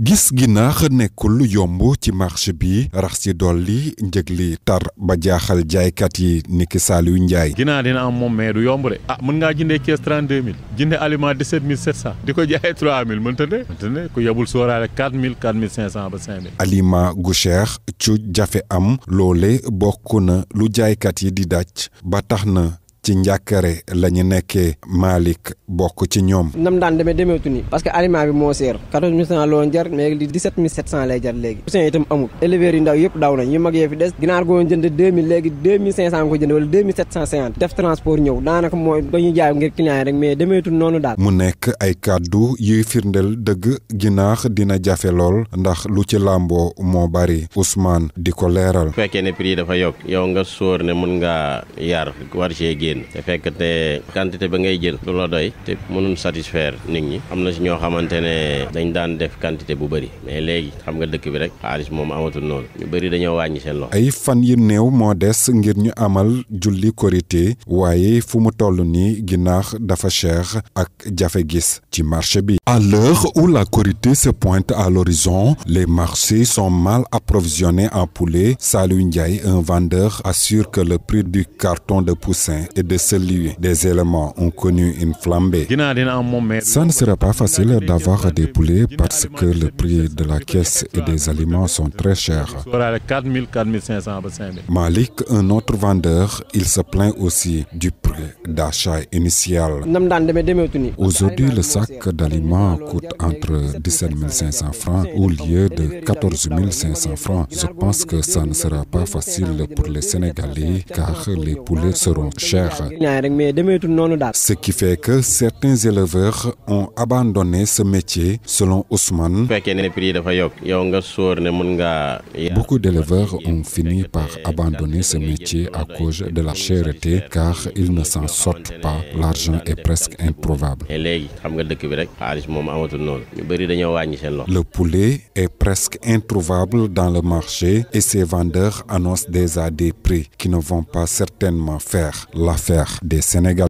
gis gi naax nekkul lu yomb ci marché bi rax ci dolli njëg li tar ba jaaxal jaaykat yi niki Saliou Ndiaye. ginaar dina am moom mais du yomb de. ah mën ngaa jëndee kees 32000 jënde aliment 17700 di ko jaayee 3000 mënta ne. mënta ne ku yebul sóoraale 4000 4500 ba 5000. aliment gu cher cu jafe am loole bokk na lu jaaykat yi di daj ba tax na. ci njàkkare la ñu nekkee Malick bokk ci ñoom. nam daan demee demeetu ni parce que aliment bi moo seer. 14000 la woon jar mais li 17700 lay jar léegi. poussin itam amul. éleveurs yi ndaw yëpp daw nañ yu mag yee fi des. ginaar goo jënd léegi def transport ñëw daanaka mooy ba ñu ngir client yi rek mais demeetul noonu daal. mu nekk ay kàddu yuy firndeel dëgg ginaax dina jafe lool ndax lu ci làmboo moo bari Ousmane di ko leeral. bu fekkee ne prix dafa yokk yow nga sóor ne mën ngaa yar génn te fekk te quantité ba ngay jël du la doy te mënul satisfaire nit ñi am na si ñoo xamante ne dañ daan def quantité bu bëri mais léegi xam nga dëkk bi rek xaalis moom amatul noonu ñu bëri dañoo wàññi seen loxo. ay fan yu néew moo des ngir ñu amal julli korité waaye fu mu toll nii ginnaaw dafa cher ak jafe gis ci marché bi. à l'heure où la korité se pointe à l'horizon les marchés sont mal approvisionnés en poulet Saliou Ndiaye un vendeur assure que le prix du carton de poussin de celui des éléments ont connu une flambée. Ça ne sera pas facile d'avoir des poulets parce que le prix de la caisse et des aliments sont très chers. Malik, un autre vendeur, il se plaint aussi d'achat initial. Aujourd'hui, le sac d'aliments coûte entre 17 500 francs au lieu de 14 500 francs. Je pense que ça ne sera pas facile pour les Sénégalais car les poulets seront chers. Ce qui fait que certains éleveurs ont abandonné ce métier, selon Ousmane. Beaucoup d'éleveurs ont fini par abandonner ce métier à cause de la chèreté car ils ne s'en sortent pas l'argent est presque improbable. léegi xam nga dëkk bi rek xaalis moom amatul le poulet est presque introuvable dans le marché et ses vendeurs annoncent déjà des prix qui ne vont pas certainement faire l'affaire des Sénégalais.